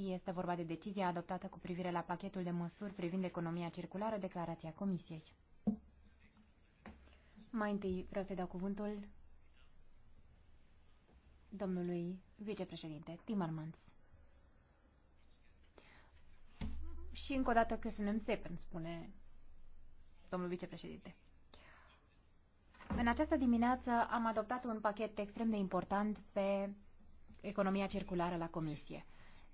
Este vorba de decizia adoptată cu privire la pachetul de măsuri privind economia circulară, declarația Comisiei. Mai întâi vreau să dau cuvântul domnului vicepreședinte Timmermans. Și încă o dată că suntem țepen, spune domnul vicepreședinte. În această dimineață am adoptat un pachet extrem de important pe economia circulară la Comisie.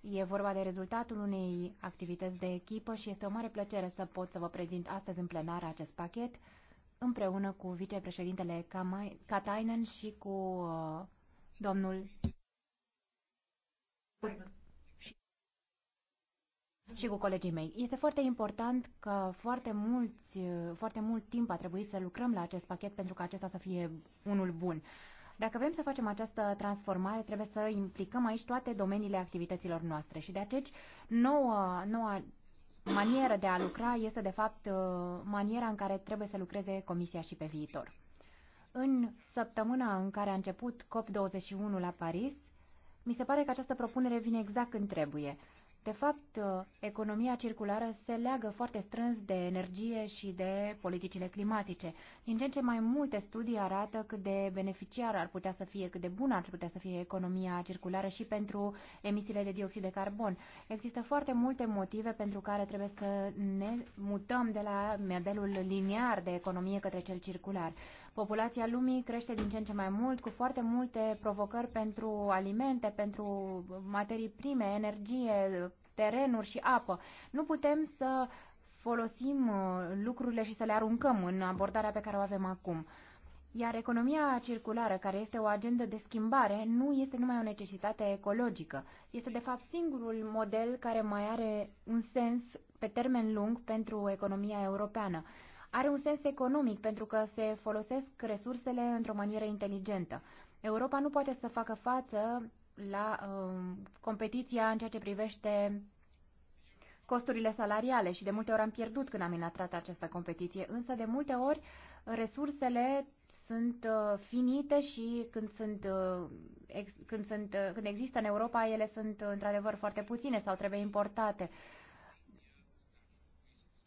E vorba de rezultatul unei activități de echipă și este o mare plăcere să pot să vă prezint astăzi în plenar acest pachet împreună cu vicepreședintele Katainen și cu uh, domnul și cu colegii mei. Este foarte important că foarte, mulți, foarte mult timp a trebuit să lucrăm la acest pachet pentru ca acesta să fie unul bun. Dacă vrem să facem această transformare, trebuie să implicăm aici toate domeniile activităților noastre și de aceea noua, noua manieră de a lucra este de fapt uh, maniera în care trebuie să lucreze Comisia și pe viitor. În săptămâna în care a început COP21 la Paris, mi se pare că această propunere vine exact când trebuie. De fapt, uh, economia circulară se leagă foarte strâns de energie și de politicile climatice. Din ce în ce mai multe studii arată cât de beneficiar ar putea să fie, cât de bună ar putea să fie economia circulară și pentru emisiile de dioxid de carbon. Există foarte multe motive pentru care trebuie să ne mutăm de la modelul liniar de economie către cel circular. Populația lumii crește din ce în ce mai mult, cu foarte multe provocări pentru alimente, pentru materii prime, energie, terenuri și apă. Nu putem să folosim uh, lucrurile și să le aruncăm în abordarea pe care o avem acum. Iar economia circulară, care este o agendă de schimbare, nu este numai o necesitate ecologică. Este, de fapt, singurul model care mai are un sens pe termen lung pentru economia europeană. Are un sens economic pentru că se folosesc resursele într-o manieră inteligentă. Europa nu poate să facă față la uh, competiția în ceea ce privește costurile salariale și de multe ori am pierdut când am intrat această competiție, însă de multe ori resursele sunt uh, finite și când, sunt, uh, ex, când, sunt, uh, când există în Europa, ele sunt uh, într-adevăr foarte puține sau trebuie importate. Uh,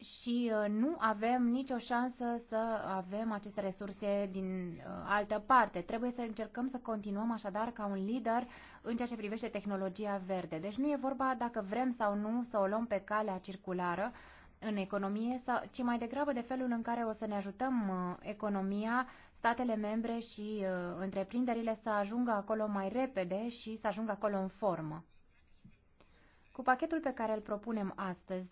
și uh, nu avem nicio șansă să avem aceste resurse din uh, altă parte. Trebuie să încercăm să continuăm așadar ca un lider în ceea ce privește tehnologia verde. Deci nu e vorba dacă vrem sau nu să o luăm pe calea circulară în economie, ci mai degrabă de felul în care o să ne ajutăm uh, economia, statele membre și întreprinderile să ajungă acolo mai repede și să ajungă acolo în formă. Cu pachetul pe care îl propunem astăzi,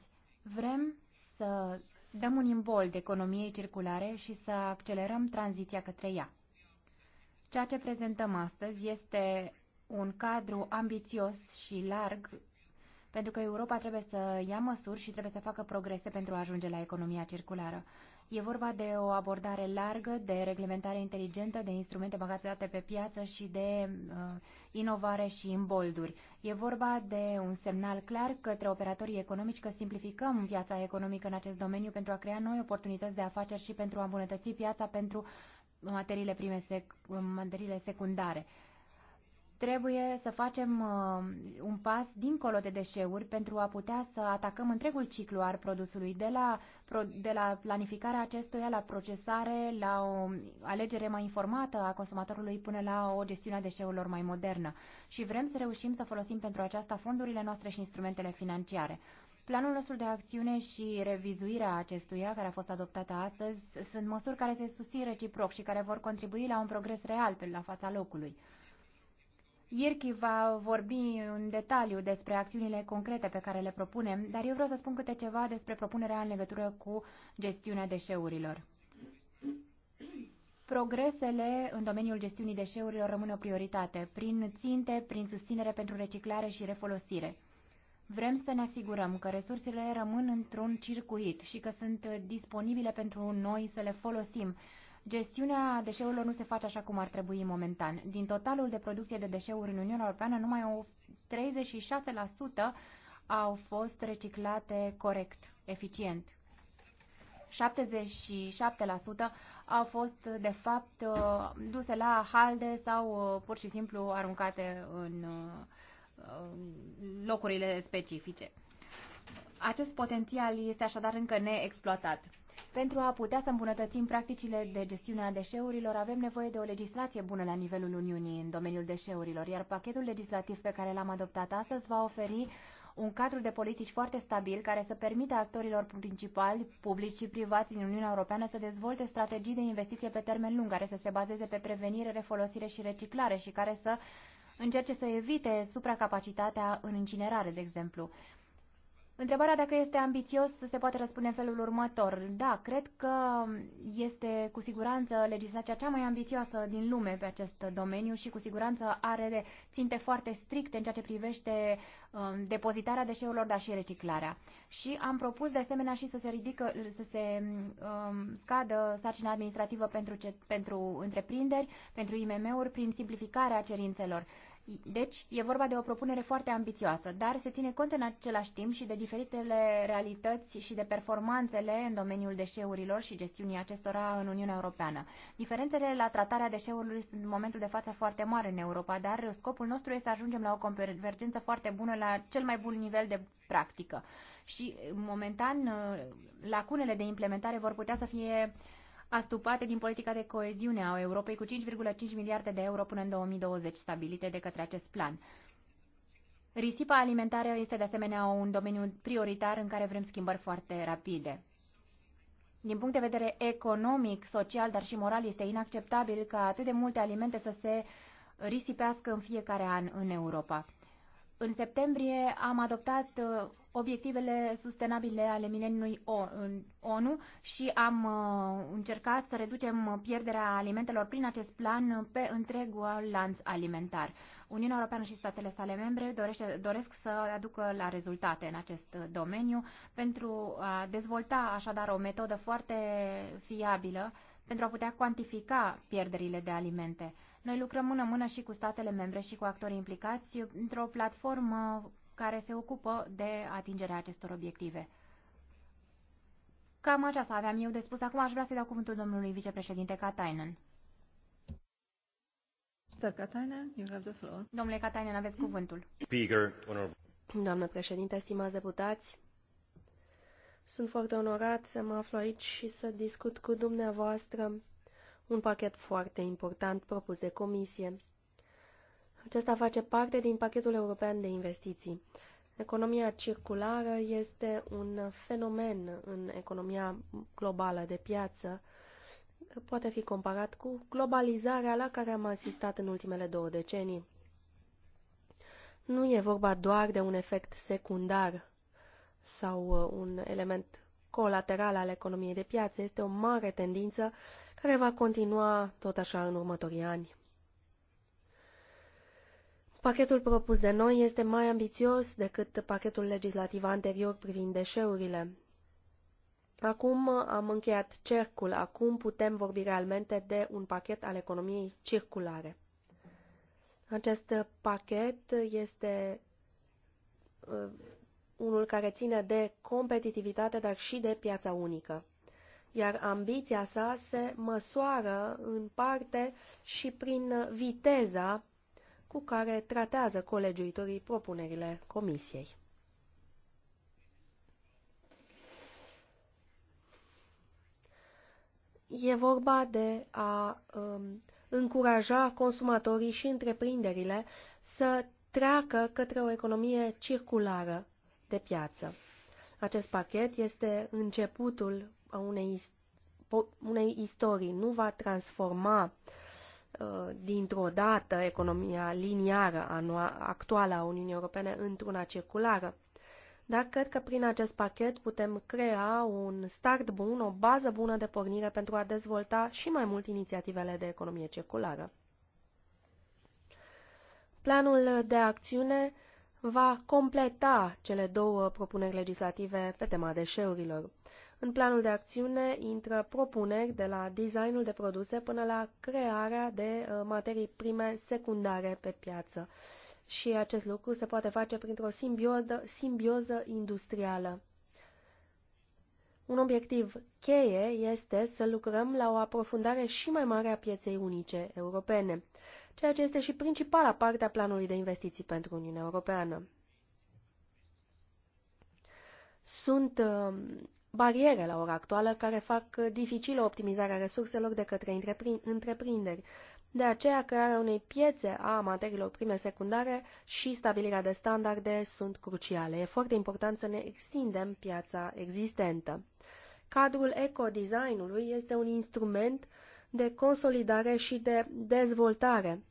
vrem să dăm un imbold economiei circulare și să accelerăm tranziția către ea. Ceea ce prezentăm astăzi este un cadru ambițios și larg pentru că Europa trebuie să ia măsuri și trebuie să facă progrese pentru a ajunge la economia circulară. E vorba de o abordare largă, de reglementare inteligentă, de instrumente bagate pe piață și de uh, inovare și imbolduri. E vorba de un semnal clar către operatorii economici că simplificăm piața economică în acest domeniu pentru a crea noi oportunități de afaceri și pentru a îmbunătăți piața pentru materiile prime sec, materiile secundare. Trebuie să facem uh, un pas dincolo de deșeuri pentru a putea să atacăm întregul ciclu al produsului, de la, de la planificarea acestuia, la procesare, la o alegere mai informată a consumatorului până la o gestiune a deșeurilor mai modernă. Și vrem să reușim să folosim pentru aceasta fondurile noastre și instrumentele financiare. Planul nostru de acțiune și revizuirea acestuia, care a fost adoptată astăzi, sunt măsuri care se susțin reciproc și care vor contribui la un progres real pe la fața locului. Ierchi va vorbi în detaliu despre acțiunile concrete pe care le propunem, dar eu vreau să spun câte ceva despre propunerea în legătură cu gestiunea deșeurilor. Progresele în domeniul gestiunii deșeurilor rămân o prioritate, prin ținte, prin susținere pentru reciclare și refolosire. Vrem să ne asigurăm că resursele rămân într-un circuit și că sunt disponibile pentru noi să le folosim Gestiunea deșeurilor nu se face așa cum ar trebui momentan. Din totalul de producție de deșeuri în Uniunea Europeană, numai o 36% au fost reciclate corect, eficient. 77% au fost, de fapt, uh, duse la halde sau uh, pur și simplu aruncate uh, în locurile specifice. Acest potențial este așadar încă neexploatat. Pentru a putea să îmbunătățim practicile de gestiune a deșeurilor, avem nevoie de o legislație bună la nivelul Uniunii în domeniul deșeurilor, iar pachetul legislativ pe care l-am adoptat astăzi va oferi un cadru de politici foarte stabil care să permită actorilor principali, publici și privați din Uniunea Europeană să dezvolte strategii de investiție pe termen lung care să se bazeze pe prevenire, refolosire și reciclare și care să încerce să evite supracapacitatea în incinerare, de exemplu. Întrebarea dacă este ambițios se poate răspunde în felul următor. Da, cred că este cu siguranță legislația cea mai ambițioasă din lume pe acest domeniu și cu siguranță are ținte foarte stricte în ceea ce privește um, depozitarea deșeurilor, dar și reciclarea. Și am propus de asemenea și să se ridică, să se um, scadă sarcina administrativă pentru, ce, pentru întreprinderi, pentru IMM-uri, prin simplificarea cerințelor. Deci, e vorba de o propunere foarte ambițioasă, dar se ține cont în același timp și de diferitele realități și de performanțele în domeniul deșeurilor și gestiunii acestora în Uniunea Europeană. Diferențele la tratarea deșeurilor sunt în momentul de față foarte mari în Europa, dar scopul nostru este să ajungem la o convergență foarte bună la cel mai bun nivel de practică. Și, momentan, lacunele de implementare vor putea să fie uh, astupate din politica de coeziune a Europei cu 5,5 miliarde de euro până în 2020 stabilite de către acest plan. Risipa alimentară este de asemenea un domeniu prioritar în care vrem schimbări foarte rapide. Din punct de vedere economic, social, dar și moral, este inacceptabil ca atât de multe alimente să se risipească în fiecare an în Europa. În septembrie am adoptat uh, obiectivele sustenabile ale mileniului ONU și am uh, încercat să reducem pierderea alimentelor prin acest plan pe întregul lanț alimentar. Uniunea Europeană și statele sale membre dorește, doresc să aducă la rezultate în acest uh, domeniu pentru a dezvolta așadar o metodă foarte fiabilă pentru a putea cuantifica pierderile de alimente. Noi lucrăm mână-mână și cu statele membre și cu actorii implicați într-o platformă care se ocupă de atingerea acestor obiective. Cam aceasta aveam eu de spus. Acum aș vrea să dau cuvântul domnului vicepreședinte Katainen. Domnule Katainen, aveți cuvântul. Doamnă președinte, stimați deputați, sunt foarte onorat să mă aflu aici și să discut cu dumneavoastră un pachet foarte important propus de comisie. Acesta face parte din pachetul european de investiții. Economia circulară este un fenomen în economia globală de piață. Poate fi comparat cu globalizarea la care am asistat în ultimele două decenii. Nu e vorba doar de un efect secundar sau uh, un element colateral al economiei de piață. Este o mare tendință care va continua tot așa în următorii ani. Pachetul propus de noi este mai ambițios decât pachetul legislativ anterior privind deșeurile. Acum am încheiat cercul, acum putem vorbi realmente de un pachet al economiei circulare. Acest pachet este uh, unul care ține de competitivitate, dar și de piața unică iar ambiția sa se măsoară în parte și prin viteza cu care tratează colegiuitorii propunerile comisiei. E vorba de a um, încuraja consumatorii și întreprinderile să treacă către o economie circulară de piață. Acest pachet este începutul a unei, unei istorii, nu va transforma uh, dintr-o dată economia liniară actuală a Uniunii Europene într-una circulară. Dar cred că prin acest pachet putem crea un start bun, o bază bună de pornire pentru a dezvolta și mai mult inițiativele de economie circulară. Planul de acțiune va completa cele două propuneri legislative pe tema deșeurilor. În planul de acțiune intră propuneri de la designul de produse până la crearea de uh, materii prime secundare pe piață. Și acest lucru se poate face printr-o simbioză industrială. Un obiectiv cheie este să lucrăm la o aprofundare și mai mare a pieței unice europene, ceea ce este și principala parte a planului de investiții pentru Uniunea Europeană. Sunt uh, bariere la ora actuală care fac dificilă optimizarea resurselor de către întreprinderi. De aceea, crearea unei piețe a materiilor prime secundare și stabilirea de standarde sunt cruciale. E foarte important să ne extindem piața existentă. Cadrul ecodesignului este un instrument de consolidare și de dezvoltare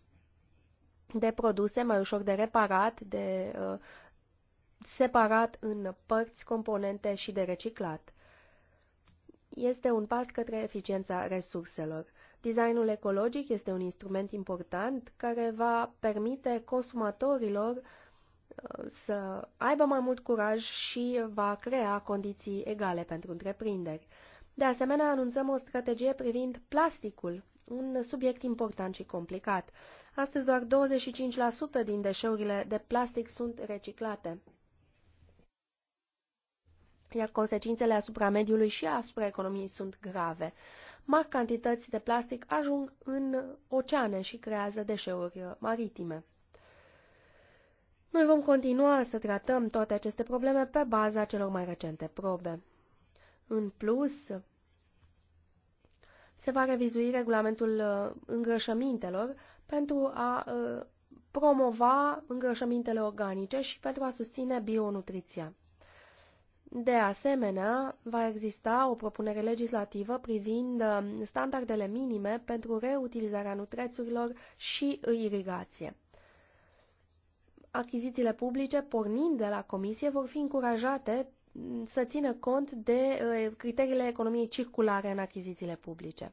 de produse mai ușor de reparat, de uh, separat în părți, componente și de reciclat. Este un pas către eficiența resurselor. Designul ecologic este un instrument important care va permite consumatorilor uh, să aibă mai mult curaj și va crea condiții egale pentru întreprinderi. De asemenea, anunțăm o strategie privind plasticul, un subiect important și complicat. Astăzi doar 25% din deșeurile de plastic sunt reciclate iar consecințele asupra mediului și asupra economiei sunt grave. Mari cantități de plastic ajung în oceane și creează deșeuri maritime. Noi vom continua să tratăm toate aceste probleme pe baza celor mai recente probe. În plus, se va revizui regulamentul uh, îngrășămintelor pentru a uh, promova îngrășămintele organice și pentru a susține bionutriția. De asemenea, va exista o propunere legislativă privind um, standardele minime pentru reutilizarea nutrețurilor și irigație. Achizițiile publice, pornind de la comisie, vor fi încurajate mm, să țină cont de uh, criteriile economiei circulare în achizițiile publice.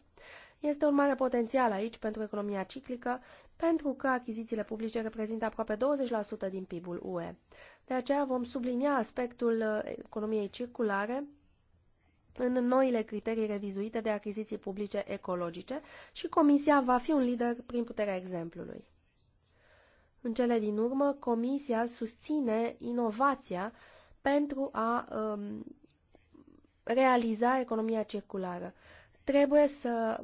Este un mare potențial aici pentru economia ciclică, pentru că achizițiile publice reprezintă aproape 20% din PIB-ul UE. De aceea vom sublinia aspectul uh, economiei circulare în noile criterii revizuite de achiziții publice ecologice și Comisia va fi un lider prin puterea exemplului. În cele din urmă, Comisia susține inovația pentru a um, realiza economia circulară. Trebuie să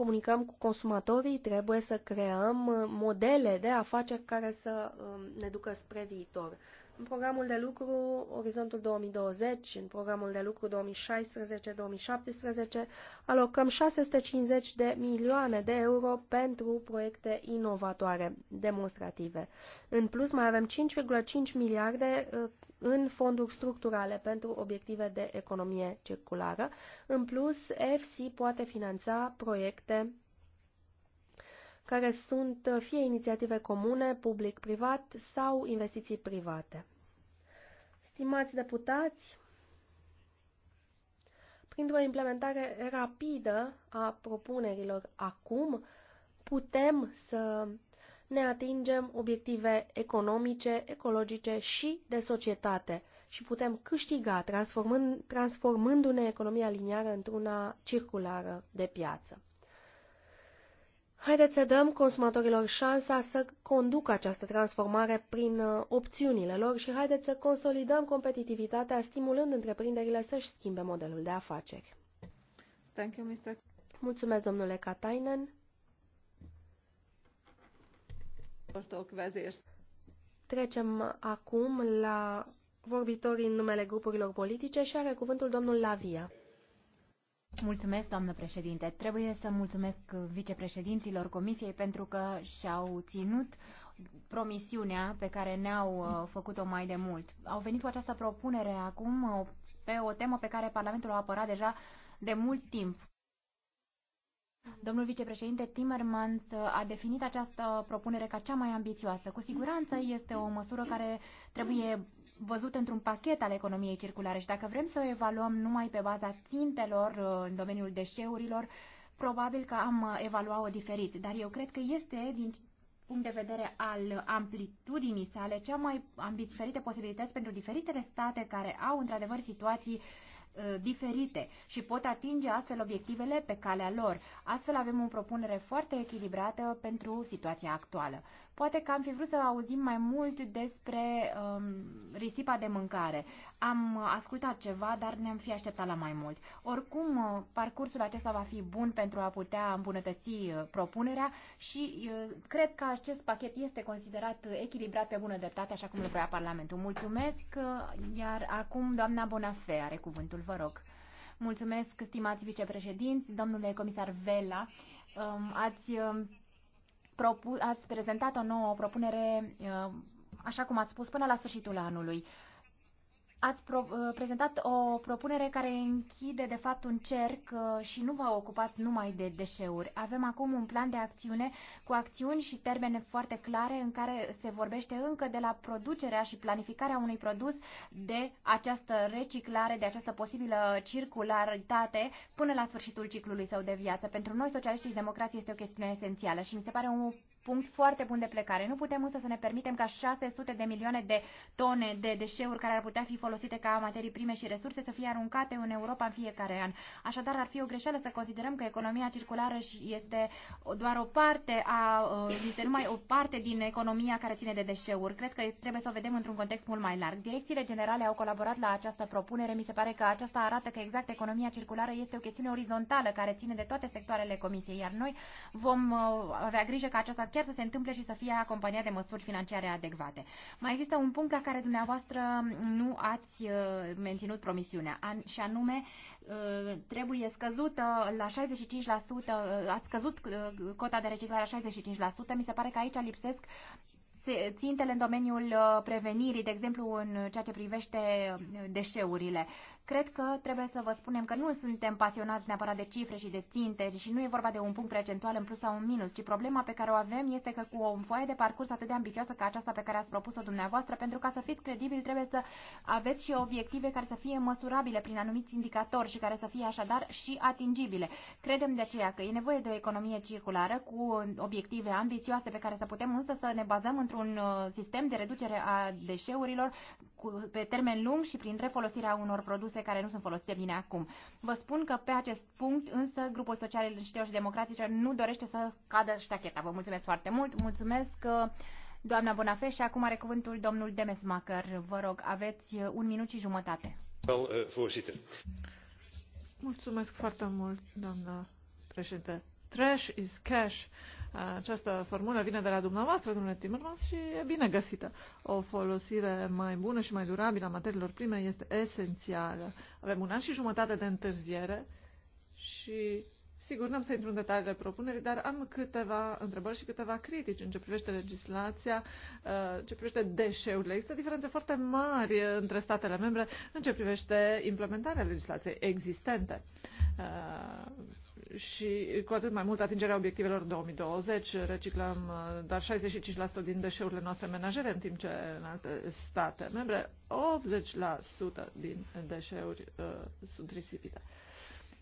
comunicăm cu consumatorii, trebuie să creăm modele de afaceri care să um, ne ducă spre viitor. În programul de lucru Orizontul 2020, în programul de lucru 2016-2017, alocăm 650 de milioane de euro pentru proiecte inovatoare, demonstrative. În plus, mai avem 5,5 miliarde uh, în fonduri structurale pentru obiective de economie circulară. În plus, EFSI poate finanța proiecte care sunt uh, fie inițiative comune, public-privat sau investiții private. Stimați deputați, printr-o implementare rapidă a propunerilor acum, putem să ne atingem obiective economice, ecologice și de societate și putem câștiga transformând, transformându-ne economia liniară într-una circulară de piață. Haideți să dăm consumatorilor șansa să conducă această transformare prin uh, opțiunile lor și haideți să consolidăm competitivitatea, stimulând întreprinderile să-și schimbe modelul de afaceri. Thank you, Mr. Mulțumesc, domnule Katainen. Trecem acum la vorbitorii în numele grupurilor politice și are cuvântul domnul Lavia. Mulțumesc, doamnă președinte. Trebuie să mulțumesc vicepreședinților Comisiei pentru că și-au ținut promisiunea pe care ne-au uh, făcut-o mai de mult. Au venit cu această propunere acum uh, pe o temă pe care Parlamentul a apărat deja de mult timp. Domnul vicepreședinte Timmermans uh, a definit această propunere ca cea mai ambițioasă. Cu siguranță este o măsură care trebuie văzut într-un pachet al economiei circulare și dacă vrem să o evaluăm numai pe baza țintelor uh, în domeniul deșeurilor, probabil că am uh, evaluat o diferit, dar eu cred că este, din punct de vedere al amplitudinii sale, cea mai diferite posibilități pentru diferitele state care au într-adevăr situații uh, diferite și pot atinge astfel obiectivele pe calea lor. Astfel avem o propunere foarte echilibrată pentru situația actuală. Poate că am fi vrut să auzim mai mult despre um, risipa de mâncare. Am uh, ascultat ceva, dar ne-am fi așteptat la mai mult. Oricum, uh, parcursul acesta va fi bun pentru a putea îmbunătăți uh, propunerea și cred că acest pachet este considerat echilibrat pe bună dreptate, așa cum îl vrea Parlamentul. Mulțumesc, iar acum doamna Bonafe are cuvântul, vă rog. Mulțumesc, stimați vicepreședinți, domnule comisar Vela. Um, ați um, propu- ați prezentat o nouă propunere, uh, așa cum ați spus, până la sfârșitul anului. Ați uh, prezentat o propunere care închide, de fapt, un cerc uh, și nu vă ocupați numai de deșeuri. Avem acum un plan de acțiune cu acțiuni și termene foarte clare în care se vorbește încă de la producerea și planificarea unui produs de această reciclare, de această posibilă circularitate până la sfârșitul ciclului său de viață. Pentru noi, socialiștii și democrație este o chestiune esențială și mi se pare un punct foarte bun de plecare. Nu putem însă să ne permitem ca 600 de milioane de tone de deșeuri care ar putea fi folosite ca materii prime și resurse să fie aruncate în Europa în fiecare an. Așadar, ar fi o greșeală să considerăm că economia circulară este doar o parte a, uh, este numai o parte din economia care ține de deșeuri. Cred că trebuie să o vedem într-un context mult mai larg. Direcțiile generale au colaborat la această propunere. Mi se pare că aceasta arată că exact economia circulară este o chestiune orizontală care ține de toate sectoarele Comisiei, iar noi vom uh, avea grijă ca această chiar să se întâmple și să fie acompaniat de măsuri financiare adecvate. Mai există un punct la care dumneavoastră nu ați uh, menținut promisiunea, și anume uh, trebuie scăzută la 65%, uh, ați scăzut cota de reciclare la 65%, mi se pare că aici lipsesc țintele în domeniul prevenirii, de exemplu în ceea ce privește deșeurile. Cred că trebuie să vă spunem că nu suntem pasionați neapărat de cifre și de ținte și nu e vorba de un punct procentual în plus sau un minus, ci problema pe care o avem este că cu o foaie de parcurs atât de ambițioasă ca aceasta pe care ați propus-o dumneavoastră, pentru ca să fiți credibili trebuie să aveți și obiective care să fie măsurabile prin anumiți indicatori și care să fie așadar și atingibile. Credem de aceea că e nevoie de o economie circulară cu obiective ambițioase pe care să putem însă să ne bazăm într-un uh, sistem de reducere a deșeurilor pe termen lung și prin refolosirea unor produse resurse care nu sunt folosite bine acum. Vă spun că pe acest punct, însă, grupul socialiștilor și democratice nu dorește să cadă ștacheta. Vă mulțumesc foarte mult, mulțumesc uh, doamna Bonafe și acum are cuvântul domnul Demesmacher. Vă rog, aveți uh, un minut și jumătate. Uh, mulțumesc foarte mult, doamna președinte. Trash is cash. Această formulă vine de la dumneavoastră, domnule Timmermans, și e bine găsită. O folosire mai bună și mai durabilă a materiilor prime este esențială. Avem un an și jumătate de întârziere și, sigur, n-am să intru în detaliile propunerii, dar am câteva întrebări și câteva critici în ce privește legislația, în uh, ce privește deșeurile. Există diferențe foarte mari între statele membre în ce privește implementarea legislației existente uh, și cu atât mai mult atingerea obiectivelor 2020. Reciclăm uh, doar 65% din deșeurile noastre menajere, în timp ce în alte state membre 80% din deșeuri uh, sunt risipite.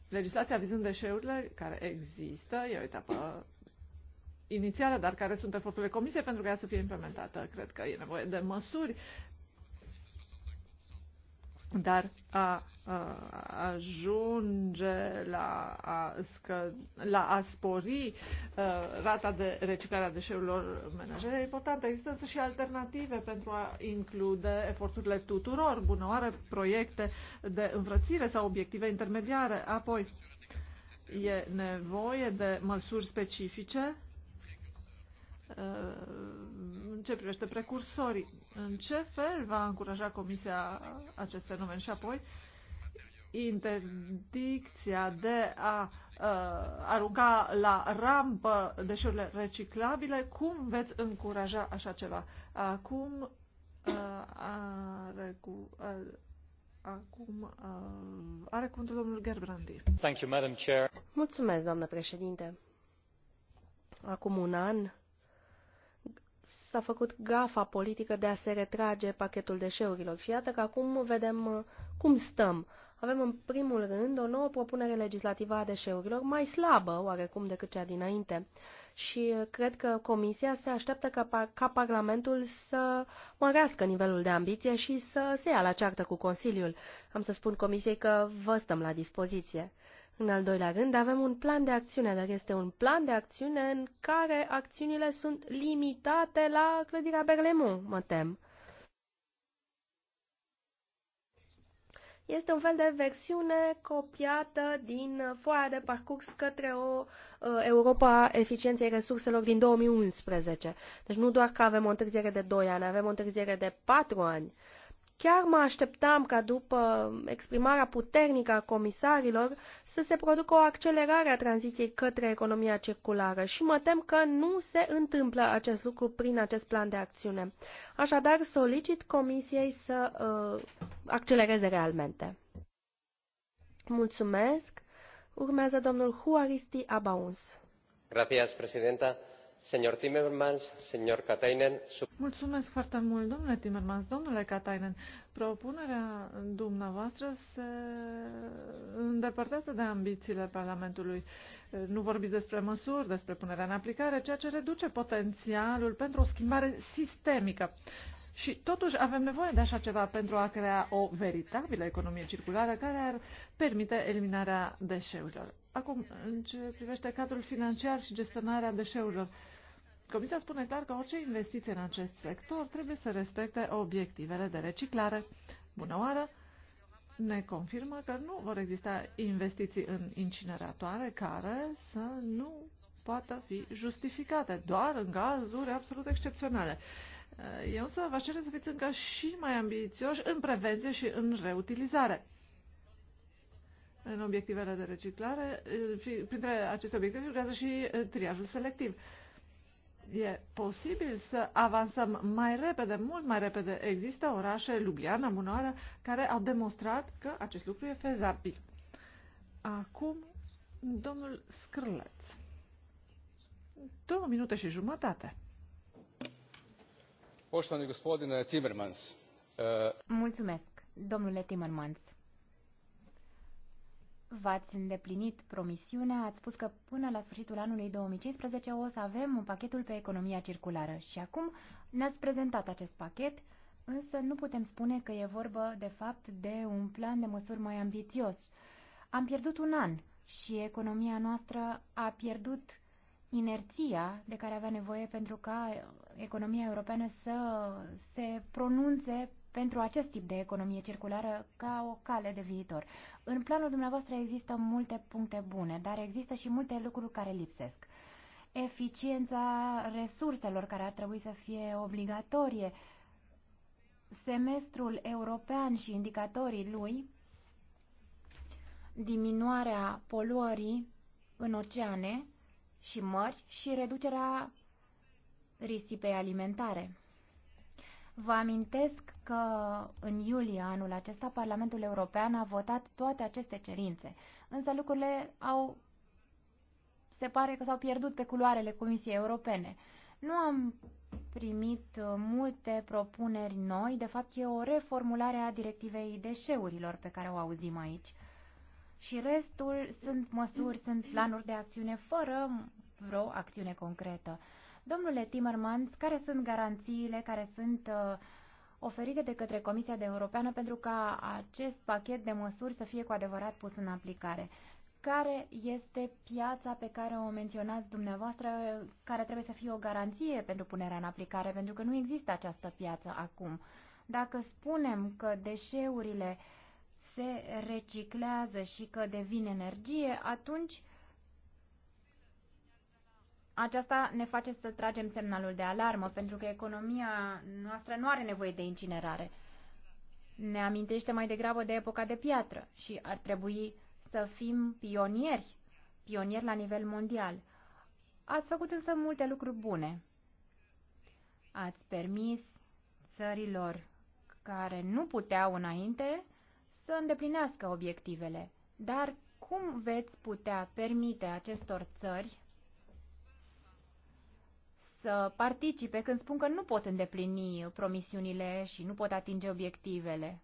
Legislația vizând deșeurile care există e o etapă inițială, dar care sunt eforturile Comisie pentru ca ea să fie implementată. Cred că e nevoie de măsuri dar a, a ajunge la a, scă, la a spori a, rata de reciclare a deșeurilor menajere e importantă. Există însă și alternative pentru a include eforturile tuturor, bunăoare, proiecte de învrățire sau obiective intermediare. Apoi, e nevoie de măsuri specifice în ce privește precursorii în ce fel va încuraja Comisia acest fenomen? Și apoi, interdicția de a uh, arunca la rampă deșeurile reciclabile, cum veți încuraja așa ceva? Acum uh, are cu... Uh, Acum uh, are cuvântul domnul Gerbrandi. Thank you, Madam Chair. Mulțumesc, doamnă președinte. Acum un an, s-a făcut gafa politică de a se retrage pachetul deșeurilor. Și iată că acum vedem uh, cum stăm. Avem în primul rând o nouă propunere legislativă a deșeurilor, mai slabă oarecum decât cea dinainte. Și uh, cred că Comisia se așteaptă ca, par ca Parlamentul să mărească nivelul de ambiție și să se ia la ceartă cu Consiliul. Am să spun Comisiei că vă stăm la dispoziție. În al doilea rând, avem un plan de acțiune, dar este un plan de acțiune în care acțiunile sunt limitate la clădirea Berlemont, mă tem. Este un fel de versiune copiată din foaia de parcurs către o uh, Europa eficienței resurselor din 2011. Deci nu doar că avem o întârziere de 2 ani, avem o întârziere de 4 ani. Uh, Chiar mă așteptam ca după exprimarea puternică a comisarilor să se producă o accelerare a tranziției către economia circulară și mă tem că nu se întâmplă acest lucru prin acest plan de acțiune. Așadar, solicit comisiei să uh, accelereze realmente. Mulțumesc. Urmează domnul Huaristi Abauns. Gracias, presidenta. Mulțumesc foarte mult, domnule Timmermans. Domnule Katainen, propunerea dumneavoastră se îndepărtează de ambițiile Parlamentului. Nu vorbiți despre măsuri, despre punerea în aplicare, ceea ce reduce potențialul pentru o schimbare sistemică. Și totuși avem nevoie de așa ceva pentru a crea o veritabilă economie circulară care ar permite eliminarea deșeurilor. Acum, în ce privește cadrul financiar și gestionarea deșeurilor, Comisia spune clar că orice investiție în acest sector trebuie să respecte obiectivele de reciclare. Bună oară! Ne confirmă că nu vor exista investiții în incineratoare care să nu poată fi justificate, doar în cazuri absolut excepționale. Eu însă vă cer să fiți încă și mai ambițioși în prevenție și în reutilizare în obiectivele de reciclare eh, și printre aceste obiective lucrează și eh, triajul selectiv. E posibil să avansăm mai repede, mult mai repede. Există orașe, Ljubljana, Munoară, care au demonstrat că acest lucru e fezabil. Acum, domnul Scrleț. Două minute și jumătate. Poștani gospodine Timmermans. Uh... Mulțumesc, domnule Timmermans v-ați îndeplinit promisiunea, ați spus că până la sfârșitul anului 2015 o să avem un pachetul pe economia circulară și acum ne-ați prezentat acest pachet, însă nu putem spune că e vorbă de fapt de un plan de măsuri mai ambițios. Am pierdut un an și economia noastră a pierdut inerția de care avea nevoie pentru ca economia europeană să se pronunțe pentru acest tip de economie circulară ca o cale de viitor. În planul dumneavoastră există multe puncte bune, dar există și multe lucruri care lipsesc. Eficiența resurselor care ar trebui să fie obligatorie, semestrul european și indicatorii lui, diminuarea poluării în oceane și mări și reducerea risipei alimentare. Vă amintesc că în iulie anul acesta Parlamentul European a votat toate aceste cerințe, însă lucrurile au se pare că s-au pierdut pe culoarele Comisiei Europene. Nu am primit multe propuneri noi, de fapt e o reformulare a directivei deșeurilor pe care o auzim aici. Și restul sunt măsuri, sunt planuri de acțiune fără vreo acțiune concretă. Domnule Timmermans, care sunt garanțiile care sunt uh, oferite de către Comisia de Europeană pentru ca acest pachet de măsuri să fie cu adevărat pus în aplicare? Care este piața pe care o menționați dumneavoastră, care trebuie să fie o garanție pentru punerea în aplicare, pentru că nu există această piață acum? Dacă spunem că deșeurile se reciclează și că devin energie, atunci uh, aceasta ne face să tragem semnalul de alarmă, pentru că economia noastră nu are nevoie de incinerare. Ne amintește mai degrabă de epoca de piatră și ar trebui să fim pionieri, pionieri la nivel mondial. Ați făcut însă multe lucruri bune. Ați permis țărilor care nu puteau înainte să îndeplinească obiectivele. Dar cum veți putea permite acestor țări să participe când spun că nu pot îndeplini promisiunile și nu pot atinge obiectivele.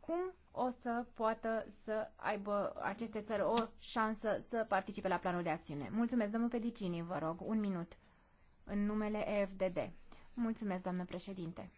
Cum o să poată să aibă aceste țări o șansă să participe la planul de acțiune? Mulțumesc, domnul Pedicini, vă rog, un minut, în numele EFDD. Mulțumesc, doamnă președinte.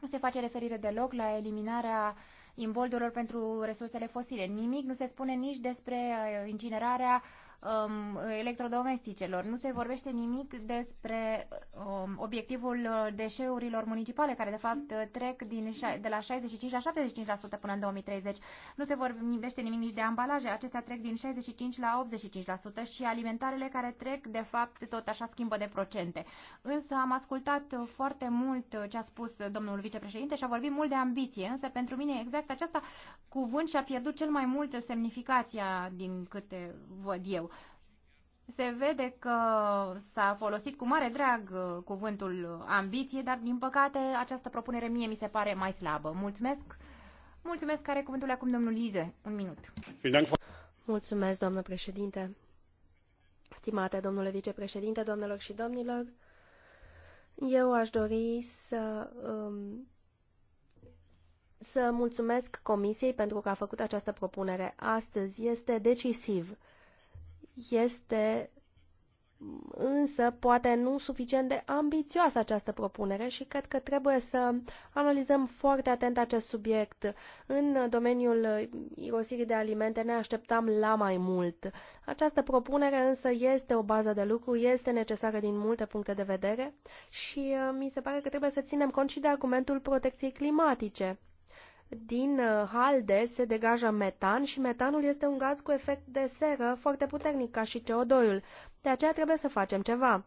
Nu se face referire deloc la eliminarea imboldurilor pentru resursele fosile. Nimic nu se spune nici despre uh, incinerarea uh, um, electrodomesticelor. Nu se vorbește nimic despre um, obiectivul uh, deșeurilor municipale, care de fapt uh, trec din, de la 65 la 75% până în 2030. Nu se vorbește nimic nici de ambalaje, acestea trec din 65 la 85% și alimentarele care trec de fapt tot așa schimbă de procente. Însă am ascultat uh, foarte mult ce a spus domnul vicepreședinte și a vorbit mult de ambiție, însă pentru mine exact aceasta cuvânt și-a pierdut cel mai mult semnificația din câte văd eu se vede că s-a folosit cu mare drag uh, cuvântul ambiție, dar din păcate această propunere mie mi se pare mai slabă. Mulțumesc! Mulțumesc, care cuvântul acum domnul Lize. Un minut. Mulțumesc, doamnă președinte. Stimate domnule vicepreședinte, doamnelor și domnilor, eu aș dori să, um, să mulțumesc Comisiei pentru că a făcut această propunere astăzi. Este decisiv este însă poate nu suficient de ambițioasă această propunere și cred că trebuie să analizăm foarte atent acest subiect. În domeniul irosirii de alimente ne așteptam la mai mult. Această propunere însă este o bază de lucru, este necesară din multe puncte de vedere și uh, mi se pare că trebuie să ținem cont și de argumentul protecției climatice din uh, halde se degajă metan și metanul este un gaz cu efect de seră foarte puternic, ca și CO2-ul. De aceea trebuie să facem ceva.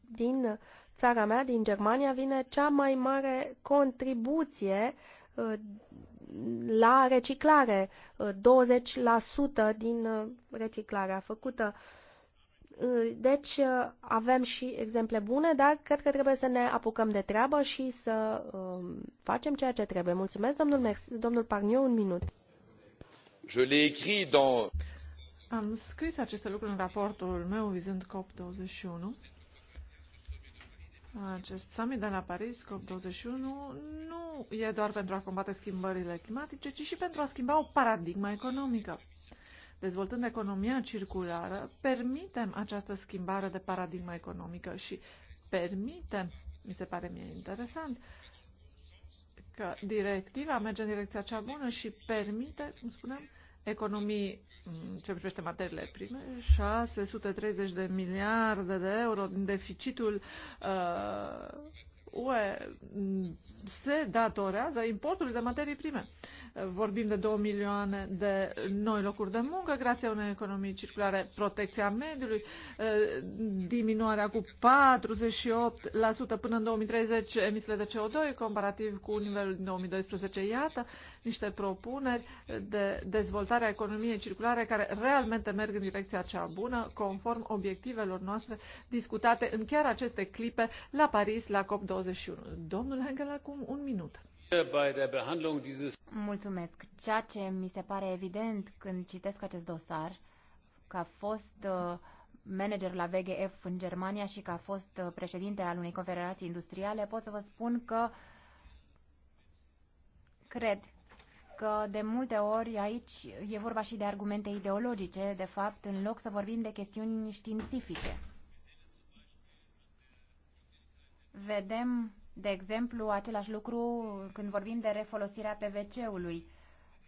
Din țara mea, din Germania, vine cea mai mare contribuție uh, la reciclare, 20% uh, din reciclarea făcută. Ă, deci ă, avem și exemple bune, dar cred că trebuie să ne apucăm de treabă și să ă, facem ceea ce trebuie. Mulțumesc, domnul, Mers domnul Parniu, un minut. Je l'ai écrit dans... Am scris aceste lucruri în raportul meu vizând COP21. Acest summit de la Paris, COP21, nu e doar pentru a combate schimbările climatice, ci și pentru a schimba o paradigmă economică. Dezvoltând economia circulară, permitem această schimbare de paradigma economică și permitem, mi se pare mie interesant, că directiva merge în direcția cea bună și permite, cum spuneam, economii ce privește materiile prime, 630 de miliarde de euro din deficitul uh, UE se datorează importului de materii prime. Vorbim de 2 milioane de noi locuri de muncă grație unei economii circulare, protecția mediului, eh, diminuarea cu 48% până în 2030 emisiile de CO2 comparativ cu nivelul din 2012. Iată niște propuneri de dezvoltare a economiei circulare care realmente merg în direcția cea bună, conform obiectivelor noastre discutate în chiar aceste clipe la Paris, la COP21. Domnul Henkel, acum un minut. Mulțumesc. Ceea ce mi se pare evident când citesc acest dosar, că a fost uh, manager la VGF în Germania și că a fost uh, președinte al unei confederații industriale, pot să vă spun că cred că de multe ori aici e vorba și de argumente ideologice, de fapt, în loc să vorbim de chestiuni științifice. Vedem de exemplu, același lucru când vorbim de refolosirea PVC-ului.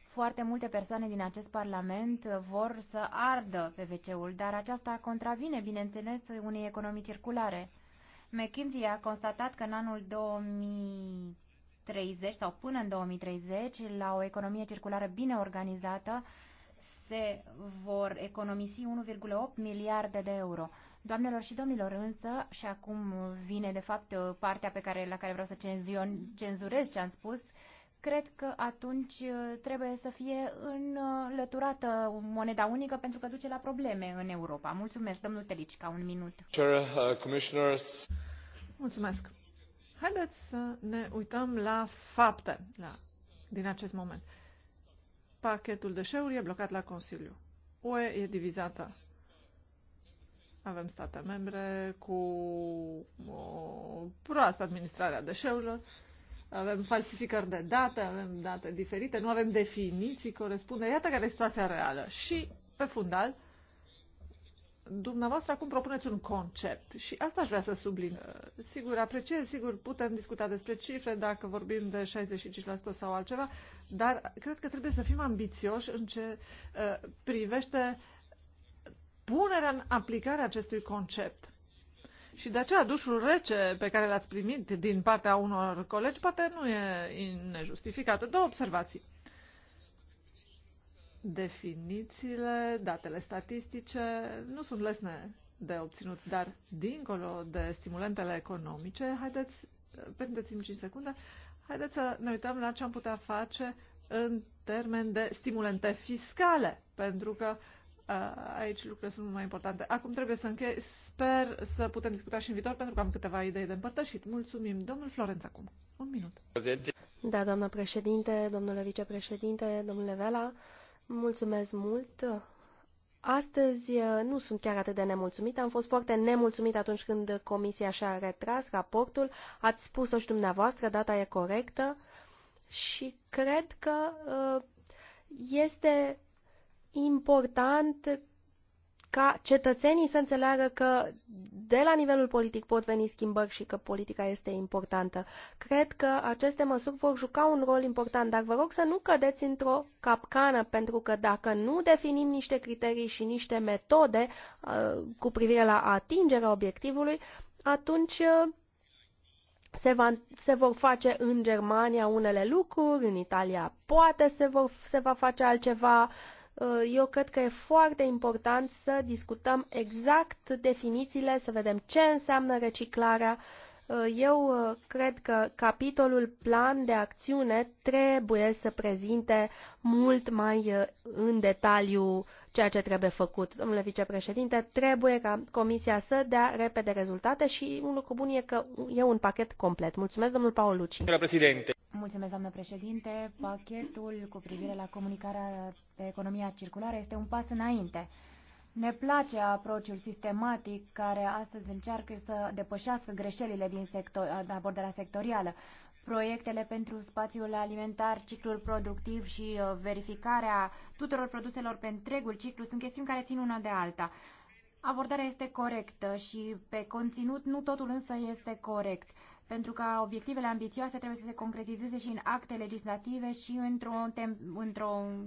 Foarte multe persoane din acest Parlament vor să ardă PVC-ul, dar aceasta contravine, bineînțeles, unei economii circulare. McKinsey a constatat că în anul 2030 sau până în 2030, la o economie circulară bine organizată, se vor economisi 1,8 miliarde de euro. Doamnelor și domnilor, însă, și acum vine de fapt partea pe care, la care vreau să cenzion, cenzurez ce am spus, cred că atunci uh, trebuie să fie înlăturată moneda unică pentru că duce la probleme în Europa. Mulțumesc, domnul ca un minut. Uh, Mulțumesc. Haideți să ne uităm la fapte la, din acest moment. Pachetul deșeuri e blocat la Consiliu. UE e divizată avem state membre cu o proastă administrare a deșeurilor, avem falsificări de date, avem date diferite, nu avem definiții corespunde. Iată care e situația reală. Și, pe fundal, dumneavoastră acum propuneți un concept și asta aș vrea să sublin. Sigur, apreciez, sigur, putem discuta despre cifre dacă vorbim de 65% sau altceva, dar cred că trebuie să fim ambițioși în ce uh, privește punerea în aplicare acestui concept. Și de aceea dușul rece pe care l-ați primit din partea unor colegi poate nu e nejustificată. Două observații. Definițiile, datele statistice nu sunt lesne de obținut, dar dincolo de stimulentele economice, haideți, permiteți-mi 5 secunde, haideți să ne uităm la ce am putea face în termen de stimulente fiscale, pentru că uh, aici lucrurile sunt mai importante. Acum trebuie să închei. Sper să putem discuta și în viitor, pentru că am câteva idei de împărtășit. Mulțumim. Domnul Florenț, acum. Un minut. Da, doamna președinte, domnule vicepreședinte, domnule Vela, mulțumesc mult. Astăzi nu sunt chiar atât de nemulțumit. Am fost foarte nemulțumit atunci când comisia și-a retras raportul. Ați spus-o și dumneavoastră, data e corectă și cred că este important ca cetățenii să înțeleagă că de la nivelul politic pot veni schimbări și că politica este importantă. Cred că aceste măsuri vor juca un rol important, dar vă rog să nu cădeți într-o capcană, pentru că dacă nu definim niște criterii și niște metode uh, cu privire la atingerea obiectivului, atunci uh, se, va, se vor face în Germania unele lucruri, în Italia poate se, vor, se va face altceva, Uh, eu cred că e foarte important să discutăm exact definițiile, să vedem ce înseamnă reciclarea, Uh, eu uh, cred că capitolul plan de acțiune trebuie să prezinte mult mai uh, în detaliu ceea ce trebuie făcut. Domnule vicepreședinte, trebuie ca Comisia să dea repede rezultate și un lucru bun e că e un pachet complet. Mulțumesc, domnul Paolucci. președinte. Mulțumesc, doamnă președinte. Pachetul cu privire la comunicarea pe economia circulară este un pas înainte. Ne place aprociul sistematic care astăzi încearcă să depășească greșelile din sector, abordarea sectorială. Proiectele pentru spațiul alimentar, ciclul productiv și uh, verificarea tuturor produselor pe întregul ciclu sunt chestiuni care țin una de alta. Abordarea este corectă și pe conținut nu totul însă este corect pentru ca obiectivele ambițioase trebuie să se concretizeze și în acte legislative și într-un într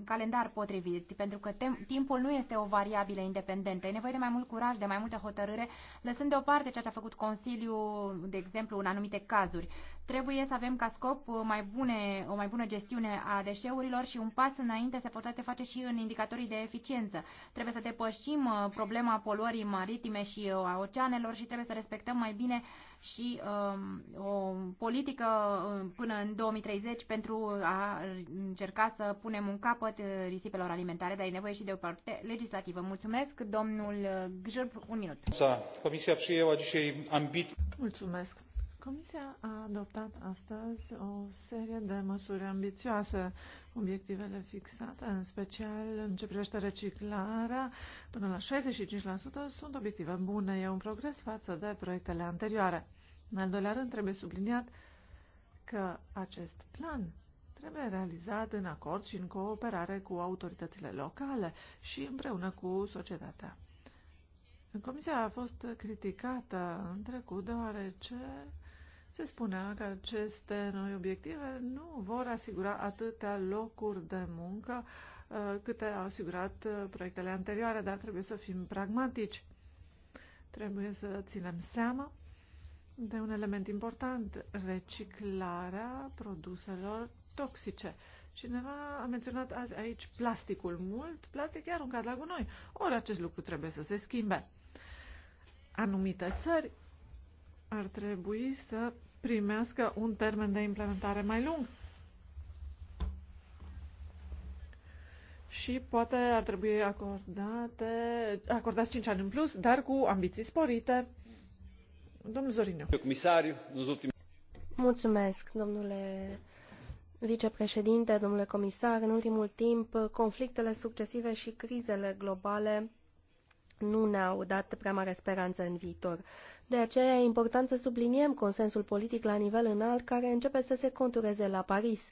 calendar potrivit, pentru că timpul nu este o variabilă independentă. E nevoie de mai mult curaj, de mai multă hotărâre, lăsând deoparte ceea ce a făcut Consiliul, de exemplu, în anumite cazuri. Trebuie să avem ca scop mai bune, o mai bună gestiune a deșeurilor și un pas înainte se poate face și în indicatorii de eficiență. Trebuie să depășim uh, problema poluării maritime și uh, a oceanelor și trebuie să respectăm mai bine și um, o politică um, până în 2030 pentru a încerca să punem un capăt uh, risipelor alimentare, dar e nevoie și de o parte legislativă. Mulțumesc, domnul Gjârb, un minut. Comisia przyjęła dzisiaj ambit. Mulțumesc. Comisia a adoptat astăzi o serie de măsuri ambițioase, obiectivele fixate, în special în ce privește reciclarea, până la 65% sunt obiective bune, e un progres față de proiectele anterioare. În al doilea rând, trebuie subliniat că acest plan trebuie realizat în acord și în cooperare cu autoritățile locale și împreună cu societatea. Comisia a fost criticată în trecut deoarece se spunea că aceste noi obiective nu vor asigura atâtea locuri de muncă uh, câte au asigurat uh, proiectele anterioare, dar trebuie să fim pragmatici. Trebuie să ținem seama de un element important, reciclarea produselor toxice. Cineva a menționat azi aici plasticul mult, plastic e aruncat la gunoi. Ori acest lucru trebuie să se schimbe. Anumite țări ar trebui să primească un termen de implementare mai lung. Și poate ar trebui acordate, acordați 5 ani în plus, dar cu ambiții sporite. Domnul Zorinio. Mulțumesc, domnule vicepreședinte, domnule comisar. În ultimul timp, conflictele succesive și crizele globale nu ne-au dat prea mare speranță în viitor. De aceea e important să subliniem consensul politic la nivel înalt care începe să se contureze la Paris.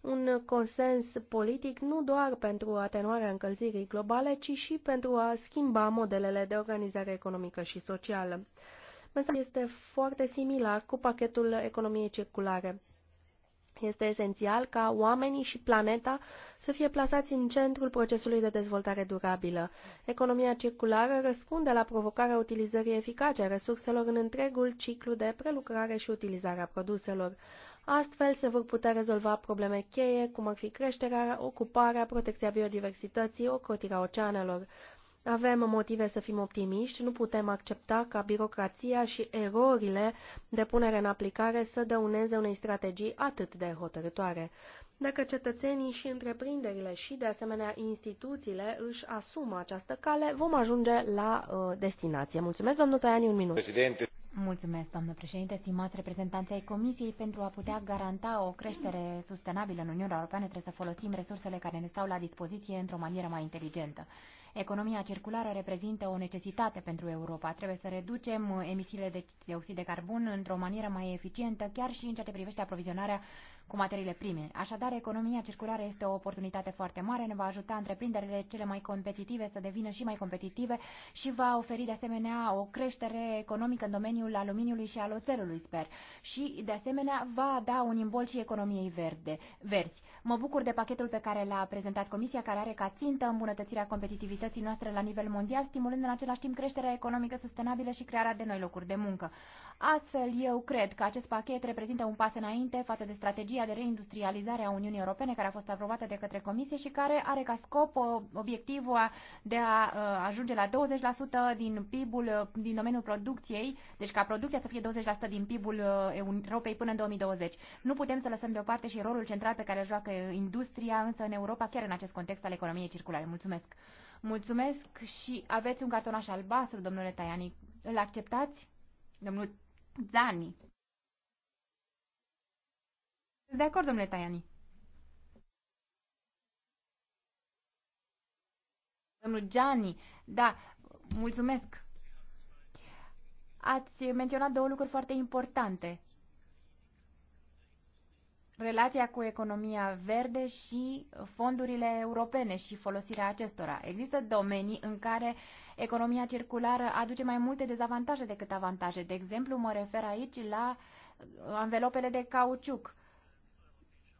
Un consens politic nu doar pentru atenuarea încălzirii globale, ci și pentru a schimba modelele de organizare economică și socială. Mesajul este foarte similar cu pachetul economiei circulare. Este esențial ca oamenii și planeta să fie plasați în centrul procesului de dezvoltare durabilă. Economia circulară răspunde la provocarea utilizării eficace a resurselor în întregul ciclu de prelucrare și utilizare a produselor. Astfel se vor putea rezolva probleme cheie, cum ar fi creșterea, ocuparea, protecția biodiversității, ocrotirea oceanelor. Avem motive să fim optimiști, nu putem accepta ca birocrația și erorile de punere în aplicare să dăuneze unei strategii atât de hotărătoare. Dacă cetățenii și întreprinderile și, de asemenea, instituțiile își asumă această cale, vom ajunge la uh, destinație. Mulțumesc, domnul Tăiani, un minut. Presidente. Mulțumesc, doamnă președinte, stimați reprezentanți ai Comisiei. Pentru a putea garanta o creștere sustenabilă în Uniunea Europeană, trebuie să folosim resursele care ne stau la dispoziție într-o manieră mai inteligentă. Economia circulară reprezintă o necesitate pentru Europa. Trebuie să reducem uh, emisiile de dioxid de carbon într-o manieră mai eficientă, chiar și în ceea ce privește aprovizionarea cu materiile prime. Așadar, economia circulară este o oportunitate foarte mare, ne va ajuta întreprinderile cele mai competitive să devină și mai competitive și va oferi de asemenea o creștere economică în domeniul aluminiului și al oțelului, sper. Și, de asemenea, va da un imbol și economiei verde, verzi. Mă bucur de pachetul pe care l-a prezentat Comisia, care are ca țintă îmbunătățirea competitivității noastre la nivel mondial, stimulând în același timp creșterea economică sustenabilă și crearea de noi locuri de muncă. Astfel, eu cred că acest pachet reprezintă un pas înainte față de strategia de reindustrializare a Uniunii Europene care a fost aprobată de către Comisie și care are ca scop uh, obiectivul de a uh, ajunge la 20% din PIB-ul uh, din domeniul producției, deci ca producția să fie 20% din PIB-ul Europei până în 2020. Nu putem să lăsăm deoparte și rolul central pe care joacă industria, însă în Europa, chiar în acest context al economiei circulare. Mulțumesc! Mulțumesc și aveți un cartonaș albastru, domnule Taiani. Îl acceptați? Domnul Zani. De acord, domnule Taiani. Domnul Gianni, da, mulțumesc. Ați menționat două lucruri foarte importante relația cu economia verde și fondurile europene și folosirea acestora. Există domenii în care economia circulară aduce mai multe dezavantaje decât avantaje. De exemplu, mă refer aici la uh, anvelopele de cauciuc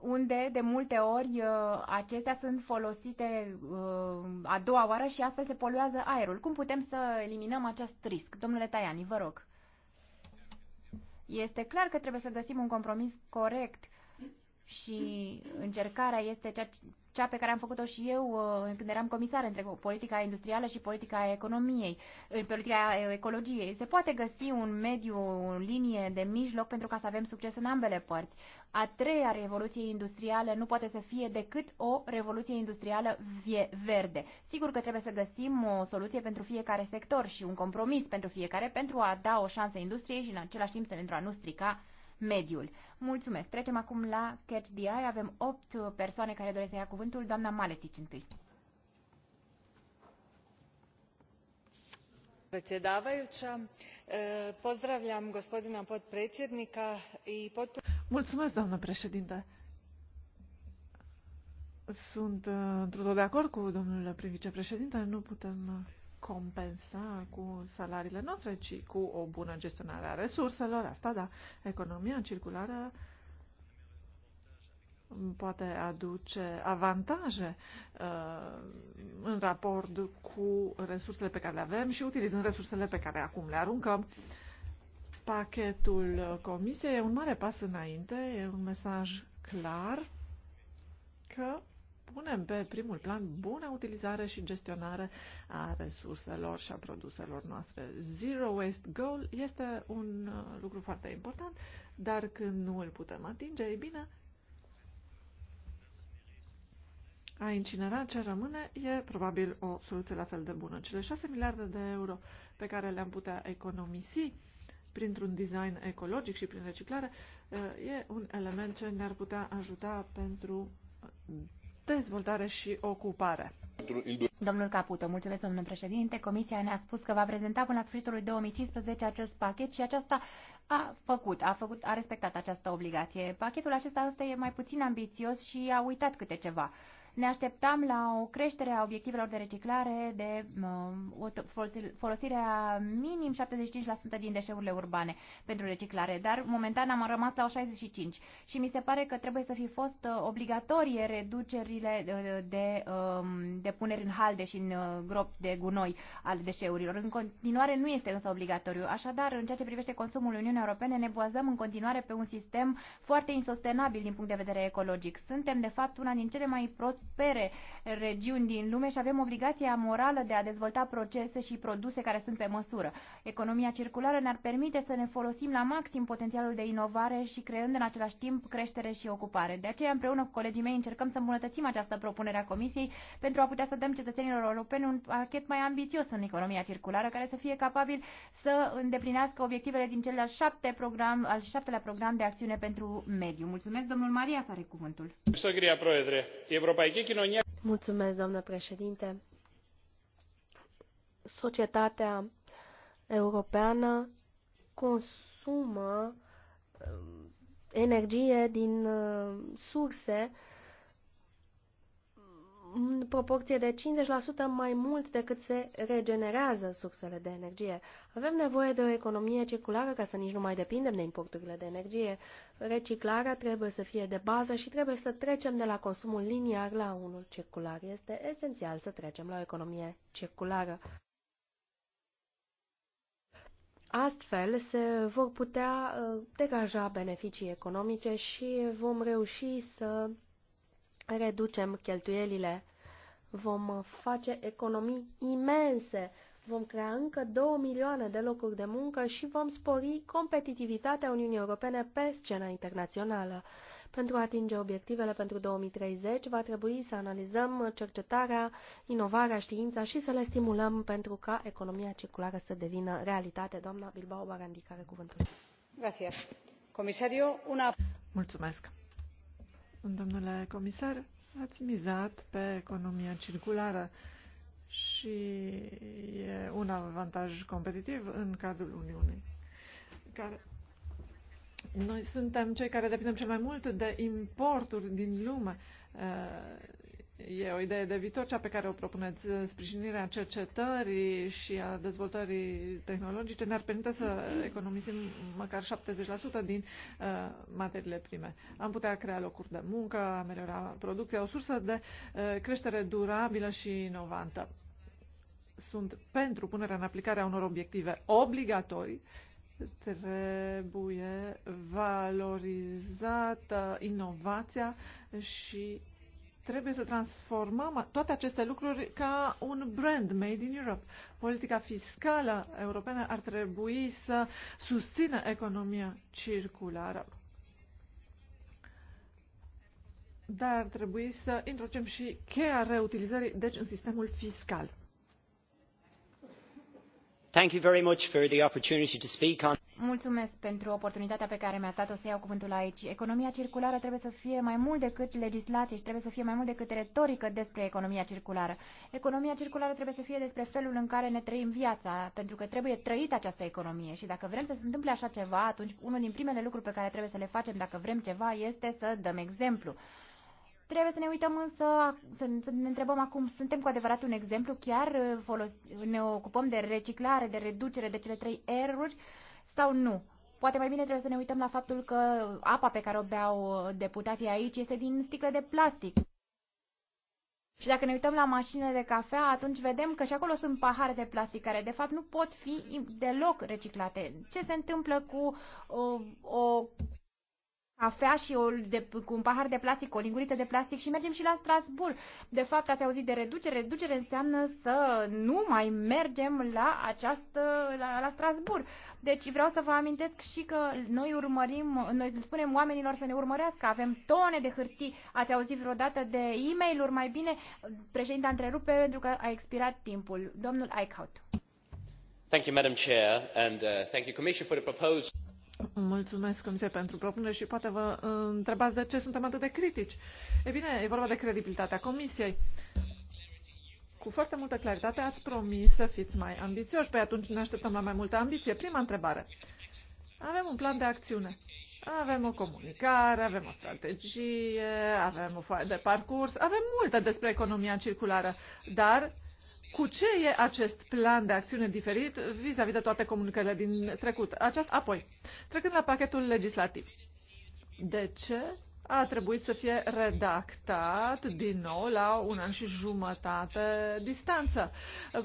unde de multe ori uh, acestea sunt folosite uh, a doua oară și astfel se poluează aerul. Cum putem să eliminăm acest risc? Domnule Taiani, vă rog. Este clar că trebuie să găsim un compromis corect și încercarea este cea, cea pe care am făcut-o și eu uh, când eram comisar între politica industrială și politica economiei, politica ecologiei. Se poate găsi un mediu, o linie de mijloc pentru ca să avem succes în ambele părți. A treia revoluție industrială nu poate să fie decât o revoluție industrială vie verde. Sigur că trebuie să găsim o soluție pentru fiecare sector și un compromis pentru fiecare pentru a da o șansă industriei și în același timp să ne a nu strica mediul. Mulțumesc. Trecem acum la Catch the Eye. Avem 8 persoane care doresc să ia cuvântul. Doamna Maletici întâi. Mulțumesc, doamnă președinte. Sunt într o de acord cu domnul vicepreședinte, nu putem compensa cu salariile noastre, ci cu o bună gestionare a resurselor. Asta, da, economia circulară poate aduce avantaje uh, în raport cu resursele pe care le avem și utilizând resursele pe care acum le aruncăm. Pachetul Comisiei e un mare pas înainte, e un mesaj clar că punem pe primul plan bună utilizare și gestionare a resurselor și a produselor noastre. Zero waste goal este un uh, lucru foarte important, dar când nu îl putem atinge, e bine, a incinera ce rămâne e probabil o soluție la fel de bună. Cele 6 miliarde de euro pe care le-am putea economisi printr-un design ecologic și prin reciclare uh, e un element ce ne-ar putea ajuta pentru dezvoltare și ocupare. Domnul Caputo, mulțumesc, domnule președinte. Comisia ne-a spus că va prezenta până la sfârșitul lui 2015 acest pachet și aceasta a făcut, a făcut, a respectat această obligație. Pachetul acesta este mai puțin ambițios și a uitat câte ceva. Ne așteptam la o creștere a obiectivelor de reciclare, de uh, folosirea minim 75% din deșeurile urbane pentru reciclare, dar momentan am rămas la o 65% și mi se pare că trebuie să fi fost uh, obligatorie reducerile uh, de, de, um, de puneri în halde și în uh, gropi de gunoi al deșeurilor. În continuare nu este însă obligatoriu. Așadar, în ceea ce privește consumul Uniunii Europene, ne bazăm în continuare pe un sistem foarte insostenabil din punct de vedere ecologic. Suntem, de fapt, una din cele mai prost prospere regiuni din lume și avem obligația morală de a dezvolta procese și produse care sunt pe măsură. Economia circulară ne-ar permite să ne folosim la maxim potențialul de inovare și creând în același timp creștere și ocupare. De aceea, împreună cu colegii mei, încercăm să îmbunătățim această propunere a Comisiei pentru a putea să dăm cetățenilor europeni un pachet mai ambițios în economia circulară, care să fie capabil să îndeplinească obiectivele din cele al șapte program, al șaptelea program de acțiune pentru mediu. Mulțumesc, domnul Maria, are cuvântul. Mulțumesc, doamnă președinte. Societatea europeană consumă um, energie din uh, surse uh, în proporție de 50% mai mult decât se regenerează sursele de energie. Avem nevoie de o economie circulară ca să nici nu mai depindem de importurile de energie. Reciclarea trebuie să fie de bază și trebuie să trecem de la consumul liniar la unul circular. Este esențial să trecem la o economie circulară. Astfel se vor putea uh, degaja beneficii economice și vom reuși să reducem cheltuielile, vom face economii imense, vom crea încă 2 milioane de locuri de muncă și vom spori competitivitatea Uniunii Europene pe scena internațională. Pentru a atinge obiectivele pentru 2030, va trebui să analizăm cercetarea, inovarea, știința și să le stimulăm pentru ca economia circulară să devină realitate. Doamna Bilbao Barandi, care cuvântul. Gracias. Comisario, una... Mulțumesc. Domnule comisar, ați mizat pe economia circulară și e un avantaj competitiv în cadrul Uniunii. Care noi suntem cei care depindem cel mai mult de importuri din lume E o idee de viitor, cea pe care o propuneți, sprijinirea cercetării și a dezvoltării tehnologice ne-ar permite să economisim măcar 70% din uh, materiile prime. Am putea crea locuri de muncă, ameliora producția, o sursă de uh, creștere durabilă și inovantă. Sunt pentru punerea în aplicare a unor obiective obligatorii trebuie valorizată inovația și Trebuie să transformăm toate aceste lucruri ca un brand made in Europe. Politica fiscală europeană ar trebui să susțină economia circulară. Dar ar trebui să introducem și cheia reutilizării, deci în sistemul fiscal. Mulțumesc pentru oportunitatea pe care mi-a dat-o să iau cuvântul aici. Economia circulară trebuie să fie mai mult decât legislație și trebuie să fie mai mult decât retorică despre economia circulară. Economia circulară trebuie să fie despre felul în care ne trăim viața, pentru că trebuie trăită această economie și dacă vrem să se întâmple așa ceva, atunci unul din primele lucruri pe care trebuie să le facem dacă vrem ceva este să dăm exemplu. Trebuie să ne uităm însă, să ne întrebăm acum, suntem cu adevărat un exemplu? Chiar uh, folos, ne ocupăm de reciclare, de reducere, de cele trei eruri sau nu? Poate mai bine trebuie să ne uităm la faptul că apa pe care o beau uh, deputații aici este din sticle de plastic. Și dacă ne uităm la mașinile de cafea, atunci vedem că și acolo sunt pahare de plastic care de fapt nu pot fi deloc reciclate. Ce se întâmplă cu uh, o, o cafea și o, de, cu un pahar de plastic, o linguriță de plastic și mergem și la Strasbourg. De fapt, ați auzit de reducere. Reducere înseamnă să nu mai mergem la această, la, la Strasbourg. Deci vreau să vă amintesc și că noi urmărim, noi spunem oamenilor să ne urmărească. Avem tone de hârtii. Ați auzit vreodată de e mail mai bine? președinte, întrerupe pentru că a expirat timpul. Domnul Eichhout. Thank you, Madam Chair, and uh, thank you, Commission, for the proposal. Mulțumesc, Comisie, pentru propunere și poate vă uh, întrebați de ce suntem atât de critici. E bine, e vorba de credibilitatea Comisiei. Cu foarte multă claritate ați promis să fiți mai ambițioși. Păi atunci ne așteptăm la mai multă ambiție. Prima întrebare. Avem un plan de acțiune. Avem o comunicare, avem o strategie, avem o foaie de parcurs, avem multe despre economia circulară, dar cu ce e acest plan de acțiune diferit vis-a-vis -vis de toate comunicările din trecut? Aceast, apoi, trecând la pachetul legislativ. De ce a trebuit să fie redactat din nou la un an și jumătate distanță.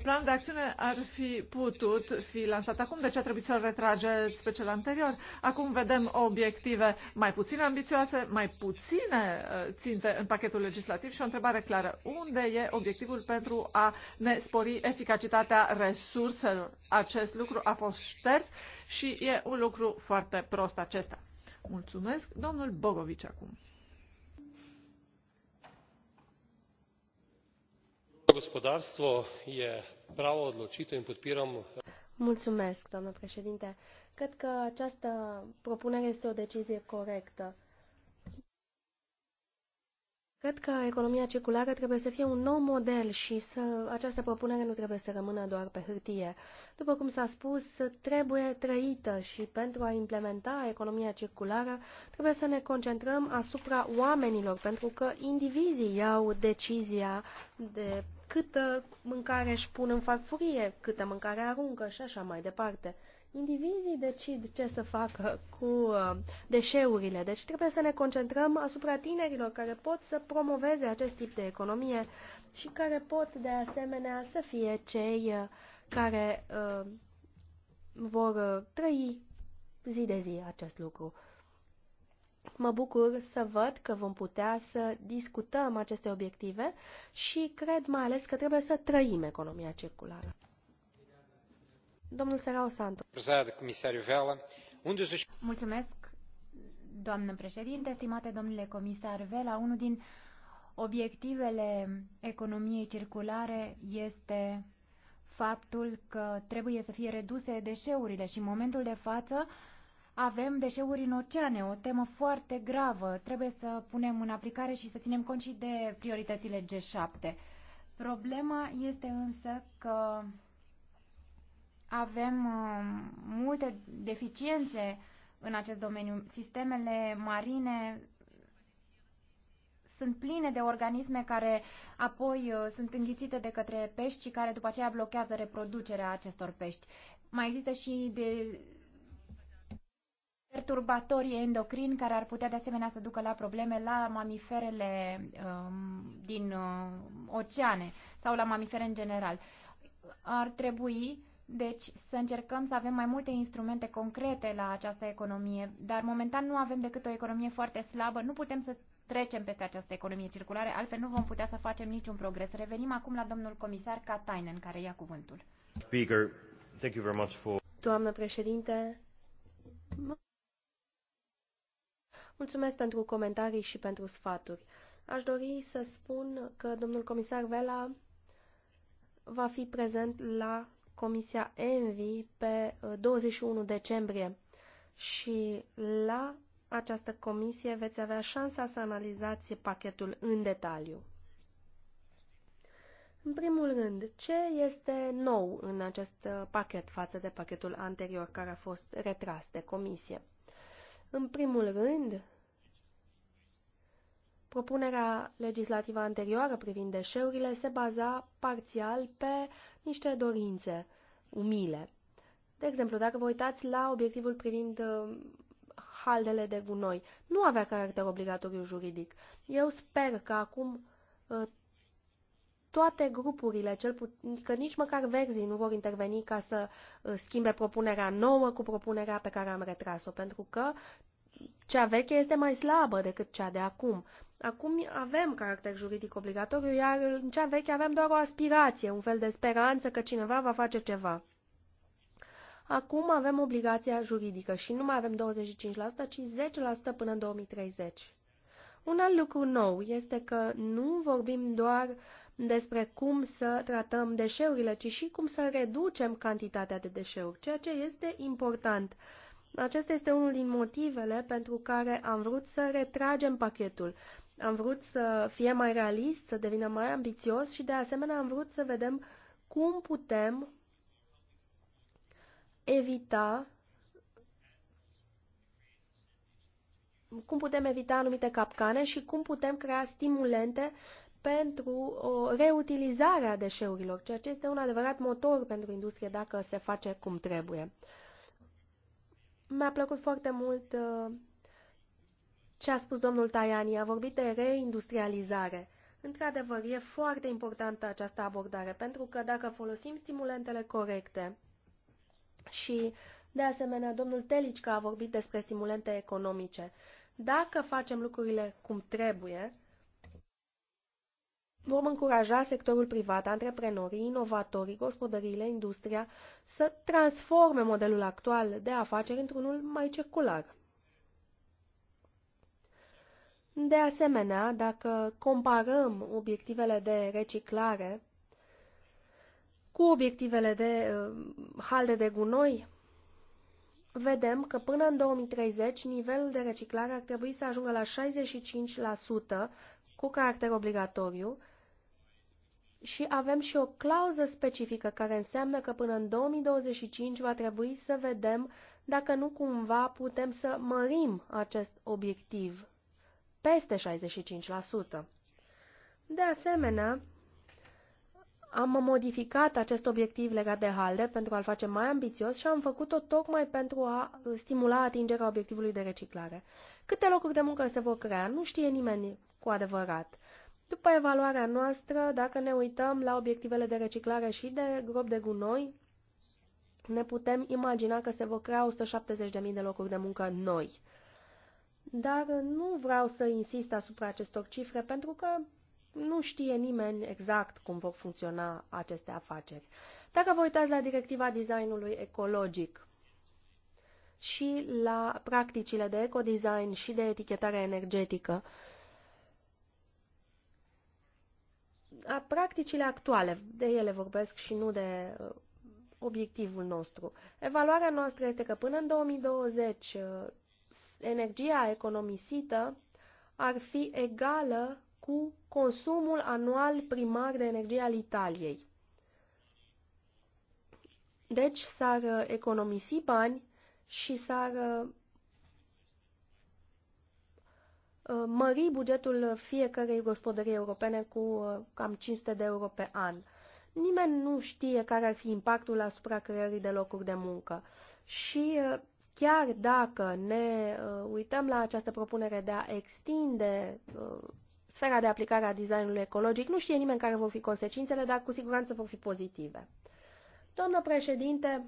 Planul de acțiune ar fi putut fi lansat acum, de deci ce a trebuit să-l retrageți pe cel anterior? Acum vedem obiective mai puțin ambițioase, mai puține uh, ținte în pachetul legislativ și o întrebare clară. Unde e obiectivul pentru a ne spori eficacitatea resurselor? Acest lucru a fost șters și e un lucru foarte prost acesta. Mulțumesc. Domnul Bogovici acum. Gospodarstvo e pravo odločitev in podpiram. Mulțumesc, doamnă președinte. Cred că această propunere este o decizie corectă Cred că economia circulară trebuie să fie un nou model și să, această propunere nu trebuie să rămână doar pe hârtie. După cum s-a spus, trebuie trăită și pentru a implementa economia circulară trebuie să ne concentrăm asupra oamenilor, pentru că indivizii iau decizia de câtă mâncare își pun în farfurie, câtă mâncare aruncă și așa mai departe. Indivizii decid ce să facă cu uh, deșeurile, deci trebuie să ne concentrăm asupra tinerilor care pot să promoveze acest tip de economie și care pot de asemenea să fie cei uh, care uh, vor uh, trăi zi de zi acest lucru. Mă bucur să văd că vom putea să discutăm aceste obiective și cred mai ales că trebuie să trăim economia circulară. Mulțumesc, doamnă președinte, stimate domnule comisar Vela. Unul din obiectivele economiei circulare este faptul că trebuie să fie reduse deșeurile și în momentul de față avem deșeuri în oceane, o temă foarte gravă. Trebuie să punem în aplicare și să ținem cont și de prioritățile G7. Problema este însă că avem uh, multe deficiențe în acest domeniu. Sistemele marine sunt pline de organisme care apoi uh, sunt înghițite de către pești și care după aceea blochează reproducerea acestor pești. Mai există și de perturbatorii endocrini care ar putea de asemenea să ducă la probleme la mamiferele um, din uh, oceane sau la mamifere în general. Ar trebui deci să încercăm să avem mai multe instrumente concrete la această economie, dar momentan nu avem decât o economie foarte slabă, nu putem să trecem peste această economie circulară, altfel nu vom putea să facem niciun progres. Revenim acum la domnul comisar Katainen, care ia cuvântul. Speaker, thank you very much for... Doamnă președinte, mulțumesc pentru comentarii și pentru sfaturi. Aș dori să spun că domnul comisar Vela va fi prezent la Comisia ENVI pe 21 uh, decembrie și la această comisie veți avea șansa să analizați pachetul în detaliu. În primul rând, ce este nou în acest uh, pachet față de pachetul anterior care a fost retras de comisie? În primul rând, Propunerea legislativă anterioară privind deșeurile se baza parțial pe niște dorințe umile. De exemplu, dacă vă uitați la obiectivul privind uh, haldele de gunoi, nu avea caracter obligatoriu juridic. Eu sper că acum uh, toate grupurile, cel put- că nici măcar verzii nu vor interveni ca să uh, schimbe propunerea nouă cu propunerea pe care am retras-o, pentru că cea veche este mai slabă decât cea de acum. Acum avem caracter juridic obligatoriu, iar în cea veche avem doar o aspirație, un fel de speranță că cineva va face ceva. Acum avem obligația juridică și nu mai avem 25%, ci 10% până în 2030. Un alt lucru nou este că nu vorbim doar despre cum să tratăm deșeurile, ci și cum să reducem cantitatea de deșeuri, ceea ce este important. Acesta este unul din motivele pentru care am vrut să retragem pachetul. Am vrut să fie mai realist, să devină mai ambițios și de asemenea am vrut să vedem cum putem evita cum putem evita anumite capcane și cum putem crea stimulente pentru o reutilizare a deșeurilor, ceea ce este un adevărat motor pentru industrie dacă se face cum trebuie. Mi-a plăcut foarte mult uh, ce a spus domnul Tajani, a vorbit de reindustrializare. Într-adevăr, e foarte importantă această abordare, pentru că dacă folosim stimulentele corecte și, de asemenea, domnul Telicca a vorbit despre stimulente economice, dacă facem lucrurile cum trebuie, vom încuraja sectorul privat, antreprenorii, inovatorii, gospodăriile, industria să transforme modelul actual de afaceri într-unul mai circular. De asemenea, dacă comparăm obiectivele de reciclare cu obiectivele de uh, halde de gunoi, vedem că până în 2030 nivelul de reciclare ar trebui să ajungă la 65% cu caracter obligatoriu și avem și o clauză specifică care înseamnă că până în 2025 va trebui să vedem dacă nu cumva putem să mărim acest obiectiv peste 65%. De asemenea, am modificat acest obiectiv legat de halde pentru a-l face mai ambițios și am făcut-o tocmai pentru a stimula atingerea obiectivului de reciclare. Câte locuri de muncă se vor crea, nu știe nimeni cu adevărat. După evaluarea noastră, dacă ne uităm la obiectivele de reciclare și de grob de gunoi, ne putem imagina că se vor crea 170.000 de locuri de muncă noi. Dar nu vreau să insist asupra acestor cifre pentru că nu știe nimeni exact cum vor funcționa aceste afaceri. Dacă vă uitați la directiva designului ecologic și la practicile de ecodesign și de etichetare energetică, a practicile actuale, de ele vorbesc și nu de uh, obiectivul nostru. Evaluarea noastră este că până în 2020 energia economisită ar fi egală cu consumul anual primar de energie al Italiei. Deci s-ar uh, economisi bani și s-ar uh, uh, mări bugetul fiecărei gospodării europene cu cam 500 de euro pe an. Nimeni nu știe care ar fi impactul asupra creării de locuri de muncă. Și Chiar dacă ne uh, uităm la această propunere de a extinde uh, sfera de aplicare a designului ecologic, nu știe nimeni care vor fi consecințele, dar cu siguranță vor fi pozitive. Doamnă președinte,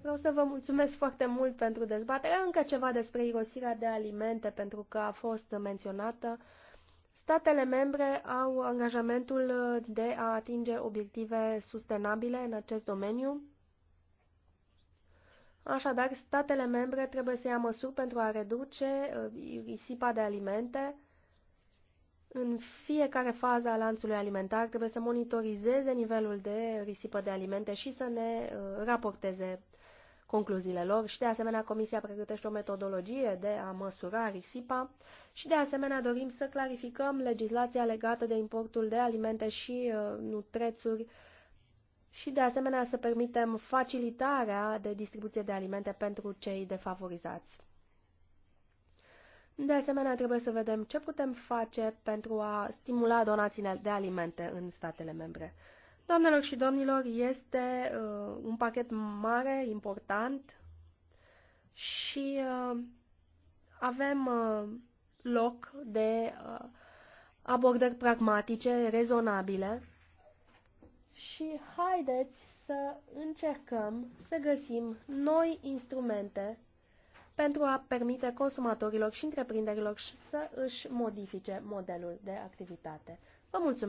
vreau să vă mulțumesc foarte mult pentru dezbatere. Încă ceva despre irosirea de alimente, pentru că a fost menționată. Statele membre au angajamentul de a atinge obiective sustenabile în acest domeniu Așadar, statele membre trebuie să ia măsuri pentru a reduce uh, risipa de alimente. În fiecare fază a lanțului alimentar trebuie să monitorizeze nivelul de risipă de alimente și să ne uh, raporteze concluziile lor și de asemenea Comisia pregătește o metodologie de a măsura risipa și de asemenea dorim să clarificăm legislația legată de importul de alimente și uh, nutrețuri uh, și de asemenea să permitem facilitarea de distribuție de alimente pentru cei defavorizați. De asemenea, trebuie să vedem ce putem face pentru a stimula donațiile de alimente în statele membre. Doamnelor și domnilor, este uh, un pachet mare, important și uh, avem uh, loc de uh, abordări pragmatice, rezonabile și haideți să încercăm să găsim noi instrumente pentru a permite consumatorilor și întreprinderilor să își modifice modelul de activitate. Vă mulțumesc!